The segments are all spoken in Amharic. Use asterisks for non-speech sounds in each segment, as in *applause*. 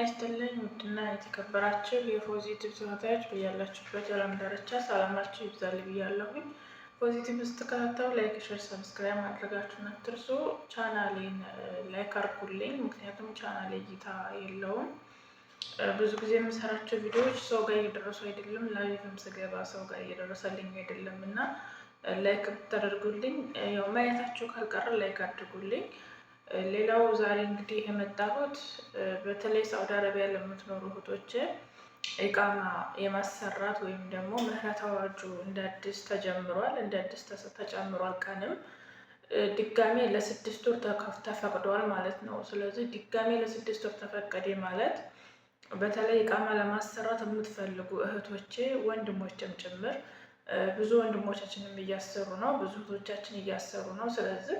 ያስጥልኝ ውድና የተከበራችሁ የፖዚቲቭ ተከታዮች በያላችሁበት የዓለም ዳርቻ ሰላማችሁ ይብዛል ብያለሁኝ። ፖዚቲቭ ስትከታተሉ ላይክ፣ ሸር፣ ሰብስክራይብ ማድረጋችሁን አትርሱ። ቻናሌን ላይክ አርጉልኝ፣ ምክንያቱም ቻናሌ እይታ የለውም። ብዙ ጊዜ የምሰራቸው ቪዲዮዎች ሰው ጋር እየደረሱ አይደለም፣ ላይቭም ስገባ ሰው ጋር እየደረሰልኝ አይደለም እና ላይክ ብታደርጉልኝ ያው ማየታችሁ ካልቀረ ላይክ አድርጉልኝ። ሌላው ዛሬ እንግዲህ የመጣሁት በተለይ ሳውዲ አረቢያ ለምትኖሩ እህቶች ኢቃማ የማሰራት ወይም ደግሞ ምህረት አዋጁ እንደ አዲስ ተጀምሯል። እንደ አዲስ ተጨምሯል። ቀንም ድጋሜ ለስድስት ወር ተፈቅዷል ማለት ነው። ስለዚህ ድጋሜ ለስድስት ወር ተፈቀደ ማለት በተለይ ኢቃማ ለማሰራት የምትፈልጉ እህቶቼ ወንድሞችም ጭምር ብዙ ወንድሞቻችንም እያሰሩ ነው፣ ብዙ እህቶቻችን እያሰሩ ነው። ስለዚህ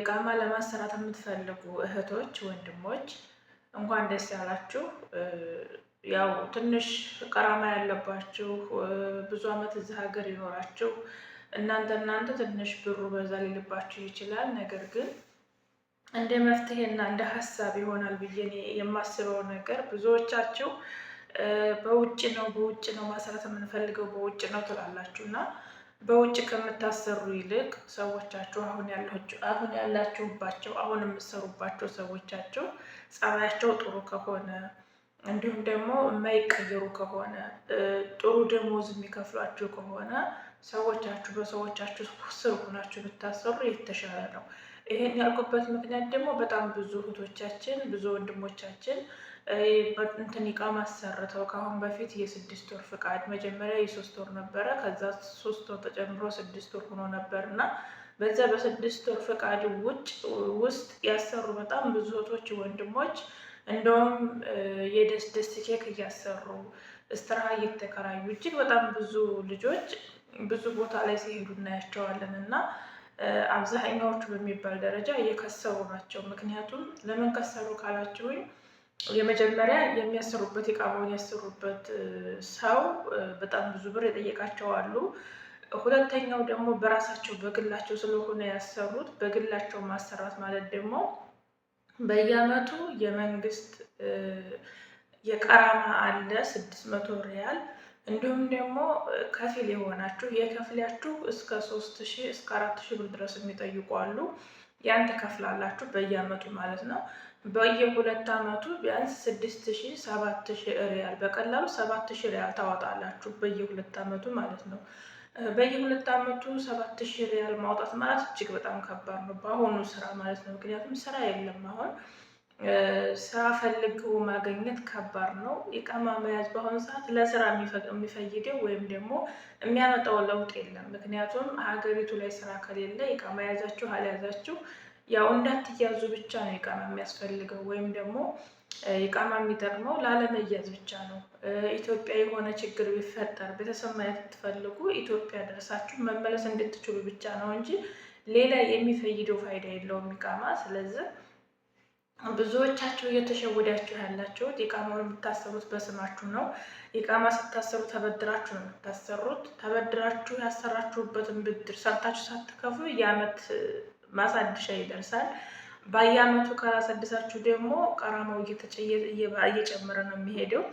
ኢቃማ ለማሰራት የምትፈልጉ እህቶች፣ ወንድሞች እንኳን ደስ ያላችሁ። ያው ትንሽ ቀራማ ያለባችሁ ብዙ አመት እዚህ ሀገር ይኖራችሁ እናንተ እናንተ ትንሽ ብሩ በዛ ሊልባችሁ ይችላል። ነገር ግን እንደ መፍትሄና እንደ ሀሳብ ይሆናል ብዬ የማስበው ነገር ብዙዎቻችሁ በውጭ ነው በውጭ ነው ማሰራት የምንፈልገው በውጭ ነው ትላላችሁ እና በውጭ ከምታሰሩ ይልቅ ሰዎቻችሁ አሁን ያላችሁባቸው አሁን የምትሰሩባቸው ሰዎቻቸው ጸባያቸው ጥሩ ከሆነ እንዲሁም ደግሞ የማይቀየሩ ከሆነ ጥሩ ደሞዝ የሚከፍሏችሁ ከሆነ ሰዎቻችሁ በሰዎቻችሁ ስር ሆናችሁ ብታሰሩ የተሻለ ነው። ይሄን ያልኩበት ምክንያት ደግሞ በጣም ብዙ እህቶቻችን ብዙ ወንድሞቻችን እንትን ኢቃማ አሰርተው ከአሁን በፊት የስድስት ወር ፍቃድ መጀመሪያ የሶስት ወር ነበረ። ከዛ ሶስት ወር ተጨምሮ ስድስት ወር ሆኖ ነበር እና በዛ በስድስት ወር ፍቃድ ውጭ ውስጥ ያሰሩ በጣም ብዙ እህቶች ወንድሞች እንደውም የደስ ደስ ቼክ እያሰሩ እስትራሃ እየተከራዩ እጅግ በጣም ብዙ ልጆች ብዙ ቦታ ላይ ሲሄዱ እናያቸዋለን እና አብዛኛዎቹ በሚባል ደረጃ የከሰሩ ናቸው። ምክንያቱም ለምን ከሰሩ ካላችሁኝ የመጀመሪያ የሚያሰሩበት የቃባውን ያሰሩበት ሰው በጣም ብዙ ብር የጠየቃቸው አሉ። ሁለተኛው ደግሞ በራሳቸው በግላቸው ስለሆነ ያሰሩት በግላቸው ማሰራት ማለት ደግሞ በየአመቱ የመንግስት የቀራማ አለ ስድስት መቶ ሪያል እንዲሁም ደግሞ ከፊል የሆናችሁ የከፍላችሁ እስከ ሶስት ሺ እስከ አራት ሺ ብር ድረስ የሚጠይቁ አሉ። ያን ትከፍላላችሁ በየአመቱ ማለት ነው። በየሁለት አመቱ ቢያንስ ስድስት ሺ ሰባት ሪያል በቀላሉ ሰባት ሺ ሪያል ታወጣላችሁ በየሁለት አመቱ ማለት ነው። በየሁለት አመቱ ሰባት ሪያል ማውጣት ማለት እጅግ በጣም ከባድ ነው፣ በአሁኑ ስራ ማለት ነው። ምክንያቱም ስራ የለም አሁን ስራ ፈልገው ማገኘት ከባድ ነው። ኢቃማ መያዝ በአሁኑ ሰዓት ለስራ የሚፈይደው ወይም ደግሞ የሚያመጣው ለውጥ የለም። ምክንያቱም ሀገሪቱ ላይ ስራ ከሌለ ኢቃማ ያዛችሁ አልያዛችሁ ያው እንዳትያዙ ብቻ ነው ኢቃማ የሚያስፈልገው ወይም ደግሞ ኢቃማ የሚጠቅመው ላለመያዝ ብቻ ነው። ኢትዮጵያ የሆነ ችግር ቢፈጠር ቤተሰብ ማየት ብትፈልጉ ኢትዮጵያ ደርሳችሁ መመለስ እንድትችሉ ብቻ ነው እንጂ ሌላ የሚፈይደው ፋይዳ የለውም ኢቃማ ስለዚህ ብዙዎቻችሁ እየተሸወዳችሁ ያላችሁት ኢቃማውን የምታሰሩት በስማችሁ ነው። ኢቃማ ስታሰሩ ተበድራችሁ ነው የምታሰሩት። ተበድራችሁ ያሰራችሁበትን ብድር ሰርታችሁ ሳትከፍሉ የአመት ማሳደሻ ይደርሳል። በየአመቱ ካላሳደሳችሁ ደግሞ ቀራማው እየጨመረ ነው የሚሄደው።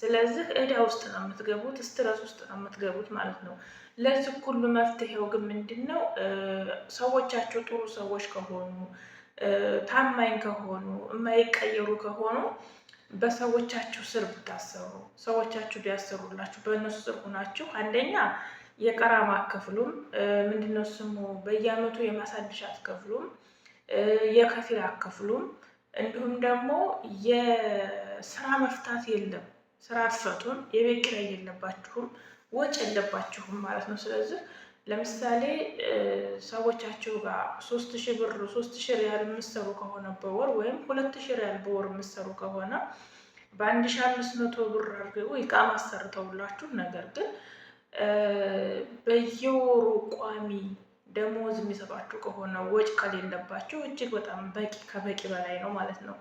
ስለዚህ እዳ ውስጥ ነው የምትገቡት፣ ስትረስ ውስጥ ነው የምትገቡት ማለት ነው። ለዚህ ሁሉ መፍትሄው ግን ምንድን ነው? ሰዎቻችሁ ጥሩ ሰዎች ከሆኑ ታማኝ ከሆኑ የማይቀየሩ ከሆኑ በሰዎቻችሁ ስር ብታሰሩ ሰዎቻችሁ ቢያሰሩላችሁ በእነሱ ስር ሁናችሁ አንደኛ የቀራማ ክፍሉም ምንድነው ስሙ በየአመቱ የማሳደሻት ክፍሉም የከፊል አከፍሉም እንዲሁም ደግሞ የስራ መፍታት የለም ስራ አትፈቱም፣ የቤት ኪራይ የለባችሁም፣ ወጭ የለባችሁም ማለት ነው። ስለዚህ ለምሳሌ ሰዎቻቸው ጋር ሶስት ሺህ ብር ሶስት ሺህ ሪያል የምሰሩ ከሆነ በወር ወይም ሁለት ሺህ ሪያል በወር የምሰሩ ከሆነ በአንድ ሺህ አምስት መቶ ብር አድርገው ኢቃማ አሰርተውላችሁ ነገር ግን በየወሩ ቋሚ ደሞዝ የሚሰጧችሁ ከሆነ ወጭ ከሌለባችሁ እጅግ በጣም በቂ ከበቂ በላይ ነው ማለት ነው።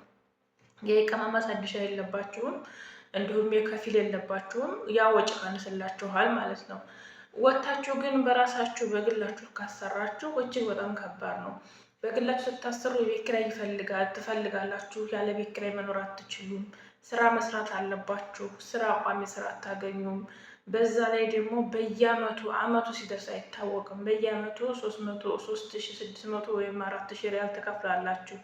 የኢቃማ ማሳደሻ የለባችሁም፣ እንዲሁም የከፊል የለባችሁም። ያ ወጭ ካነስላችኋል ማለት ነው። ወጥታችሁ ግን በራሳችሁ በግላችሁ ካሰራችሁ እጅግ በጣም ከባድ ነው። በግላችሁ ስታሰሩ የቤት ኪራይ ትፈልጋላችሁ። ያለ ቤት ኪራይ መኖር አትችሉም። ስራ መስራት አለባችሁ። ስራ ቋሚ ስራ አታገኙም። በዛ ላይ ደግሞ በየአመቱ አመቱ ሲደርስ አይታወቅም። በየአመቱ ሶስት መቶ ሶስት ሺ ስድስት መቶ ወይም አራት ሺ ሪያል ትከፍላላችሁ።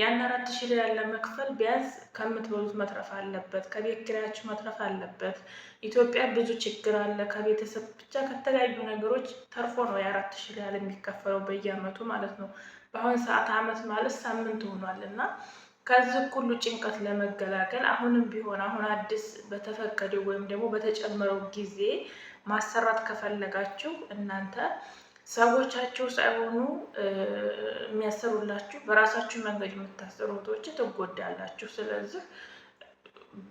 ያን አራት ሺ ሪያል ለመክፈል ቢያንስ ከምትበሉት መትረፍ አለበት፣ ከቤት ኪራያችሁ መትረፍ አለበት። ኢትዮጵያ ብዙ ችግር አለ። ከቤተሰብ ብቻ ከተለያዩ ነገሮች ተርፎ ነው የአራት ሺ ሪያል የሚከፈለው በየአመቱ ማለት ነው። በአሁን ሰዓት አመት ማለት ሳምንት ሆኗል እና ከዚህ ሁሉ ጭንቀት ለመገላገል አሁንም ቢሆን አሁን አዲስ በተፈቀደው ወይም ደግሞ በተጨመረው ጊዜ ማሰራት ከፈለጋችሁ እናንተ ሰዎቻችሁ ሳይሆኑ የሚያሰሩላችሁ በራሳችሁ መንገድ የምታሰሩ ትጎዳላችሁ። ስለዚህ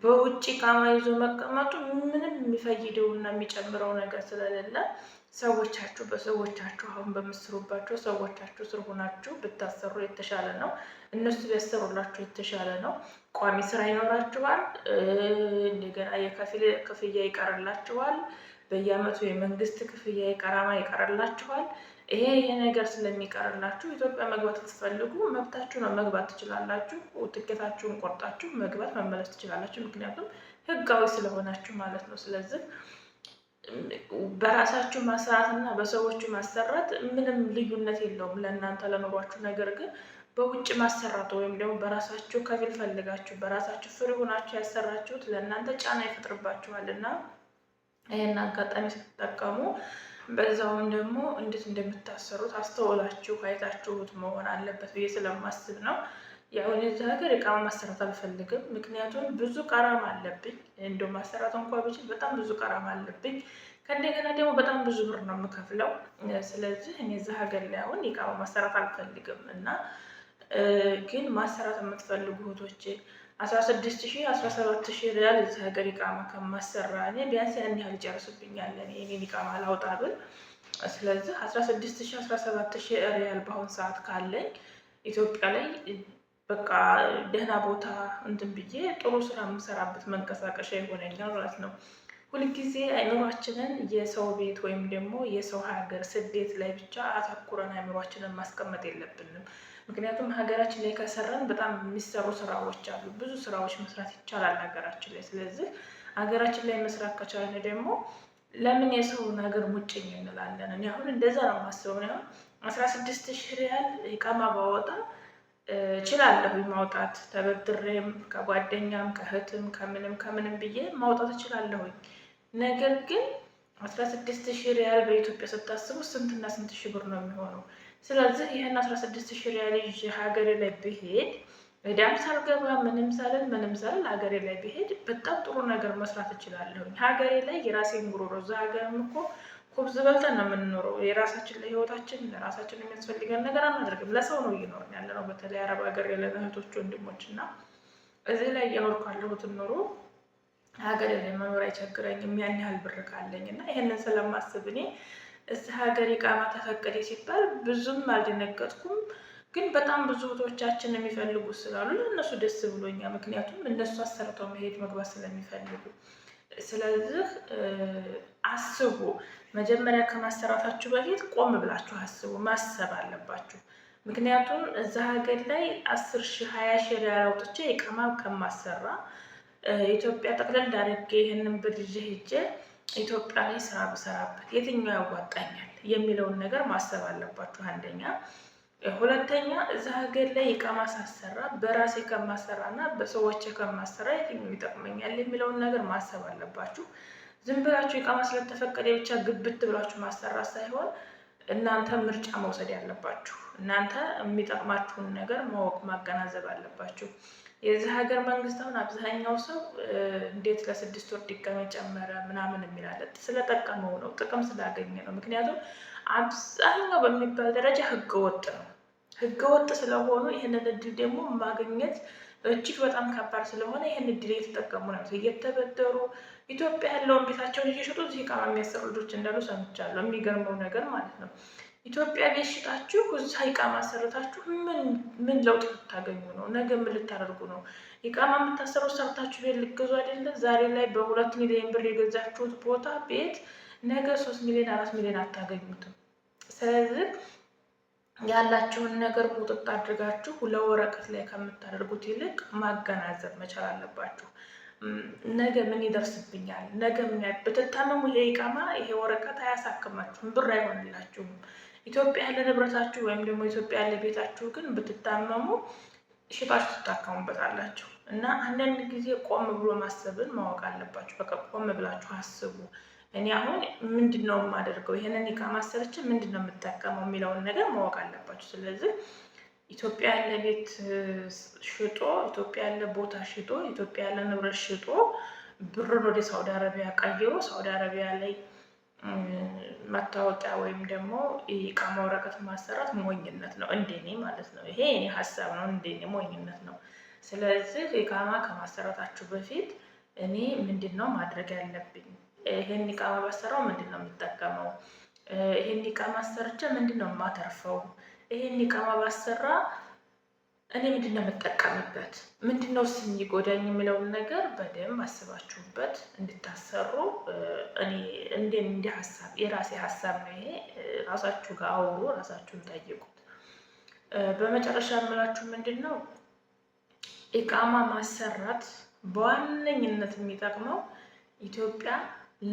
በውጭ ካማ ይዞ መቀመጡ ምንም የሚፈይደው እና የሚጨምረው ነገር ስለሌለ ሰዎቻችሁ በሰዎቻችሁ አሁን በምስሩባቸው ሰዎቻችሁ ስር ሆናችሁ ብታሰሩ የተሻለ ነው። እነሱ ቢያሰሩላችሁ የተሻለ ነው። ቋሚ ስራ ይኖራችኋል። እንደገና የከፊል ክፍያ ይቀርላችኋል። በየአመቱ የመንግስት ክፍያ የቀረማ ይቀርላችኋል። ይሄ ይሄ ነገር ስለሚቀርላችሁ ኢትዮጵያ መግባት ስትፈልጉ መብታችሁ ነው፣ መግባት ትችላላችሁ። ትኬታችሁን ቆርጣችሁ መግባት መመለስ ትችላላችሁ። ምክንያቱም ህጋዊ ስለሆናችሁ ማለት ነው። ስለዚህ በራሳችሁ ማሰራት እና በሰዎቹ ማሰራት ምንም ልዩነት የለውም ለእናንተ ለኑሯችሁ። ነገር ግን በውጭ ማሰራት ወይም ደግሞ በራሳችሁ ከፊል ፈልጋችሁ በራሳችሁ ፍሪ ሆናችሁ ያሰራችሁት ለእናንተ ጫና ይፈጥርባችኋል እና ይህን አጋጣሚ ስትጠቀሙ በዛውም ደግሞ እንዴት እንደምታሰሩት አስተውላችሁ አይታችሁት መሆን አለበት ብዬ ስለማስብ ነው። ያው እዚህ ሀገር እቃ ማሰራት አልፈልግም። ምክንያቱም ብዙ ቀራም አለብኝ። እንደው ማሰራት እንኳ ብችል በጣም ብዙ ቀራም አለብኝ። ከእንደገና ደግሞ በጣም ብዙ ብር ነው የምከፍለው። ስለዚህ እኔ እዚህ ሀገር ላይ አሁን ማሰራት አልፈልግም እና ግን ማሰራት የምትፈልጉ እህቶቼ አስራ ስድስት ሺህ አስራ ሰባት ሺህ ሪያል እዚህ ሀገር ከማሰራ እኔ ቢያንስ ያን ያህል ላውጣ ብል። ስለዚህ አስራ ስድስት አስራ ሰባት ሪያል በአሁን ሰዓት ካለኝ ኢትዮጵያ ላይ በቃ ደህና ቦታ እንትን ብዬ ጥሩ ስራ የምሰራበት መንቀሳቀሻ ይሆነኛል ማለት ነው። ሁልጊዜ አይምሯችንን የሰው ቤት ወይም ደግሞ የሰው ሀገር ስደት ላይ ብቻ አተኩረን አይምሯችንን ማስቀመጥ የለብንም። ምክንያቱም ሀገራችን ላይ ከሰራን በጣም የሚሰሩ ስራዎች አሉ። ብዙ ስራዎች መስራት ይቻላል ሀገራችን ላይ። ስለዚህ ሀገራችን ላይ መስራት ከቻለ ደግሞ ለምን የሰውን ሀገር ሙጭኝ እንላለን? እኔ አሁን እንደዛ ነው የማስበው። አሁን አስራ ስድስት ሺህ ሪያል ቀማ ባወጣ እችላለሁ ማውጣት ተበድሬም፣ ከጓደኛም፣ ከእህትም፣ ከምንም ከምንም ብዬ ማውጣት እችላለሁኝ። ነገር ግን አስራ ስድስት ሺህ ሪያል በኢትዮጵያ ስታስቡ ስንትና ስንት ሺህ ብር ነው የሚሆነው? ስለዚህ ይህን አስራ ስድስት ሺህ ሪያል ይዤ ሀገሬ ላይ ብሄድ እዳም ሳልገባ ምንም ሳልን ምንም ሳልን ሀገሬ ላይ ብሄድ በጣም ጥሩ ነገር መስራት እችላለሁ። ሀገሬ ላይ የራሴ ኑሮ ነው። እዛ ሀገርም እኮ ኩብዝ በልተን ነው የምንኖረው። የራሳችን ለህይወታችን ለራሳችን የሚያስፈልገን ነገር አናደርግም። ለሰው ነው እየኖርን ያለ ነው። በተለይ አረብ ሀገር ያለ እህቶች ወንድሞች እና እዚህ ላይ እየኖርኩ ያለሁትን ኑሮ ሀገሬ ላይ መኖር አይቸግረኝም ያን ያህል ብር ካለኝ እና ይህንን ስለማስብ እኔ እስቲ ሀገር ኢቃማ ተፈቀደ ሲባል ብዙም አልደነገጥኩም፣ ግን በጣም ብዙ እህቶቻችን የሚፈልጉ ስላሉ ለእነሱ ደስ ብሎኛል። ምክንያቱም እነሱ አሰርተው መሄድ መግባት ስለሚፈልጉ ስለዚህ አስቡ። መጀመሪያ ከማሰራታችሁ በፊት ቆም ብላችሁ አስቡ፣ ማሰብ አለባችሁ። ምክንያቱም እዛ ሀገር ላይ አስር ሺ ሀያ ሺ ሪያል አውጥቼ ኢቃማ ከማሰራ ኢትዮጵያ ጠቅለል ዳርጌ ይህንን ብር ይዤ ሄጄ ኢትዮጵያ ላይ ስራ ብሰራበት የትኛው ያዋጣኛል የሚለውን ነገር ማሰብ አለባችሁ። አንደኛ ሁለተኛ እዛ ሀገር ላይ ይቃማ ሳሰራ በራሴ ከማሰራ እና በሰዎች ከማሰራ የትኛው ይጠቅመኛል የሚለውን ነገር ማሰብ አለባችሁ። ዝም ብላችሁ እቃ ስለተፈቀደ ብቻ ግብት ብላችሁ ማሰራ ሳይሆን እናንተ ምርጫ መውሰድ ያለባችሁ እናንተ የሚጠቅማችሁን ነገር ማወቅ ማገናዘብ አለባችሁ። የዚህ ሀገር መንግስት አሁን አብዛኛው ሰው እንዴት ለስድስት ወር ድጋሚ ጨመረ ምናምን የሚላለ ስለጠቀመው ነው፣ ጥቅም ስላገኘ ነው። ምክንያቱም አብዛኛው በሚባል ደረጃ ህገወጥ ነው። ወጥ ስለሆኑ ይህንን እድል ደግሞ ማግኘት እጅግ በጣም ከባድ ስለሆነ ይህን እድል እየተጠቀሙ ነው እየተበደሩ ኢትዮጵያ ያለውን ቤታቸውን እየሸጡ እዚህ ቃማ የሚያሰሩ ልጆች እንዳሉ ሰምቻለሁ። የሚገርመው ነገር ማለት ነው። ኢትዮጵያ ቤት ሽጣችሁ እዛ ኢቃማ ሰርታችሁ ምን ለውጥ ልታገኙ ነው? ነገ ምን ልታደርጉ ነው? ኢቃማ የምታሰሩት ሰርታችሁ ቤት ልገዙ አይደለም። ዛሬ ላይ በሁለት ሚሊዮን ብር የገዛችሁት ቦታ ቤት ነገ ሶስት ሚሊዮን አራት ሚሊዮን አታገኙትም። ስለዚህ ያላችሁን ነገር ቁጥጥ አድርጋችሁ ለወረቀት ላይ ከምታደርጉት ይልቅ ማገናዘብ መቻል አለባችሁ። ነገ ምን ይደርስብኛል? ነገ ምን ብትታመሙ ለኢቃማ ይሄ ወረቀት አያሳክማችሁም፣ ብር አይሆንላችሁም። ኢትዮጵያ ያለ ንብረታችሁ ወይም ደግሞ ኢትዮጵያ ያለ ቤታችሁ ግን ብትታመሙ ሽጣችሁ ትታከሙበታላችሁ። እና አንዳንድ ጊዜ ቆም ብሎ ማሰብን ማወቅ አለባችሁ። በቃ ቆም ብላችሁ አስቡ። እኔ አሁን ምንድን ነው የማደርገው? ይህንን ቃ ማሰርች ምንድን ነው የምጠቀመው የሚለውን ነገር ማወቅ አለባችሁ። ስለዚህ ኢትዮጵያ ያለ ቤት ሽጦ፣ ኢትዮጵያ ያለ ቦታ ሽጦ፣ ኢትዮጵያ ያለ ንብረት ሽጦ ብርን ወደ ሳውዲ አረቢያ ቀይሮ ሳውዲ አረቢያ ላይ መታወቂያ ወይም ደግሞ የኢቃማ ወረቀት ማሰራት ሞኝነት ነው፣ እንደኔ ማለት ነው። ይሄ የኔ ሀሳብ ነው፣ እንደኔ ሞኝነት ነው። ስለዚህ ኢቃማ ከማሰራታችሁ በፊት እኔ ምንድን ነው ማድረግ ያለብኝ? ይሄን ኢቃማ ባሰራው ምንድን ነው የምጠቀመው? ይሄን ኢቃማ አሰርቼ ምንድን ነው የማተርፈው? ይሄን ኢቃማ ባሰራ እኔ ምንድን ነው የምጠቀምበት ምንድን ነው የሚጎዳኝ የሚለውን ነገር በደንብ አስባችሁበት እንድታሰሩ እኔ እንደ እንደ ሀሳብ የራሴ ሀሳብ ነው ይሄ። ራሳችሁ ጋር አውሩ፣ ራሳችሁን ጠይቁት። በመጨረሻ የምላችሁ ምንድን ነው ኢቃማ ማሰራት በዋነኝነት የሚጠቅመው ኢትዮጵያ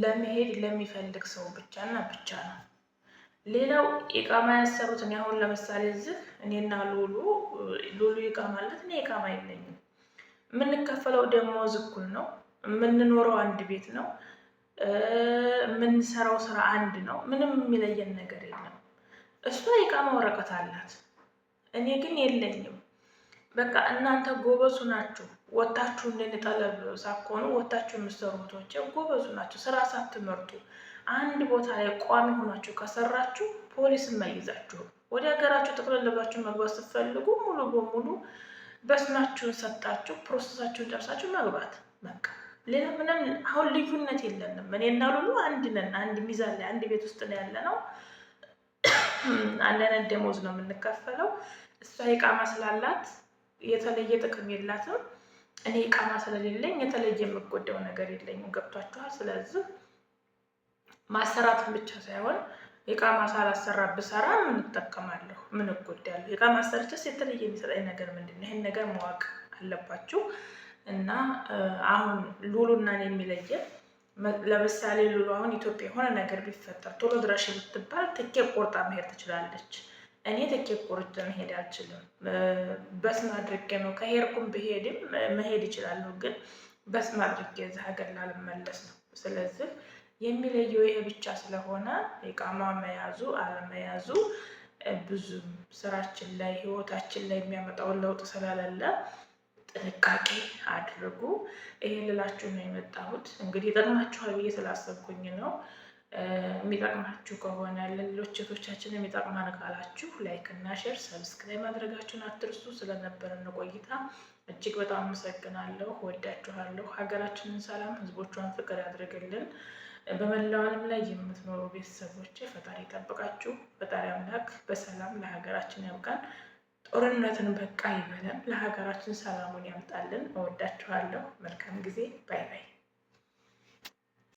ለመሄድ ለሚፈልግ ሰው ብቻና ብቻ ነው። ሌላው ኢቃማ ያሰሩት አሁን ለምሳሌ እዚህ እኔና ሉሉ ኢቃ ማለት እኔ ኢቃማ የለኝም። የምንከፈለው ደሞዝ እኩል ነው። የምንኖረው አንድ ቤት ነው። የምንሰራው ስራ አንድ ነው። ምንም የሚለየን ነገር የለም። እሷ የቃማ ወረቀት አላት፣ እኔ ግን የለኝም። በቃ እናንተ ጎበዙ ናችሁ፣ ወታችሁ እንድንጠለብ ሳኮኑ ወታችሁ የምትሰሩ ጎበዙ ስራ ሳትመርጡ አንድ ቦታ ላይ ቋሚ ሆናችሁ ከሰራችሁ ፖሊስም አይይዛችሁም። ወደ ሀገራችሁ ጠቅለል መግባት ስትፈልጉ ሙሉ በሙሉ በስማችሁን ሰጣችሁ ፕሮሰሳችሁን ጨርሳችሁ መግባት በቃ። ሌላ ምንም አሁን ልዩነት የለንም። እኔና ሉሉ አንድ ነን። አንድ ሚዛን ላይ አንድ ቤት ውስጥ ነው ያለ ነው። *clears throat* አንድ አይነት ደሞዝ ነው የምንከፈለው። እሷ የቃማ ስላላት የተለየ ጥቅም የላትም። እኔ ቃማ ስለሌለኝ የተለየ የምጎደው ነገር የለኝም። ገብቷችኋል? ስለዚህ ማሰራትን ብቻ ሳይሆን እቃ ማሳል አሰራ ብሰራ ምን እጠቀማለሁ? ምን እጎዳለሁ? እቃ ማሰርቸስ የተለየ የሚሰጠኝ ነገር ምንድን ነው? ይህን ነገር ማወቅ አለባችሁ እና አሁን ሉሉና እኔ የሚለየን ለምሳሌ ሉሉ አሁን ኢትዮጵያ የሆነ ነገር ቢፈጠር ቶሎ ድረሽ ብትባል ትኬት ቆርጣ መሄድ ትችላለች። እኔ ትኬት ቆርጬ መሄድ አልችልም። በስመ አድርጌ ነው ከሄድኩም ብሄድም መሄድ ይችላለሁ፣ ግን በስመ አድርጌ እዛ ሀገር ላልመለስ ነው። ስለዚህ የሚለየው ይሄ ብቻ ስለሆነ ኢቃማ መያዙ አለመያዙ ብዙ ስራችን ላይ ህይወታችን ላይ የሚያመጣውን ለውጥ ስለሌለ ጥንቃቄ አድርጉ። ይሄ ልላችሁ ነው የመጣሁት። እንግዲህ ይጠቅማችኋል ብዬ ስላሰብኩኝ ነው። የሚጠቅማችሁ ከሆነ ለሌሎች እህቶቻችን የሚጠቅማን ካላችሁ ላይክ እና ሼር፣ ሰብስክራይብ ማድረጋችሁን አትርሱ። ስለነበረን ቆይታ እጅግ በጣም አመሰግናለሁ። ወዳችኋለሁ። ሀገራችንን ሰላም፣ ህዝቦቿን ፍቅር ያድርግልን። በመላው ዓለም ላይ የምትኖሩ ቤተሰቦች ፈጣሪ ይጠብቃችሁ። ፈጣሪ አምላክ በሰላም ለሀገራችን ያብቃን። ጦርነትን በቃ ይበለን። ለሀገራችን ሰላሙን ያምጣልን። እወዳችኋለሁ። መልካም ጊዜ። ባይ ባይ።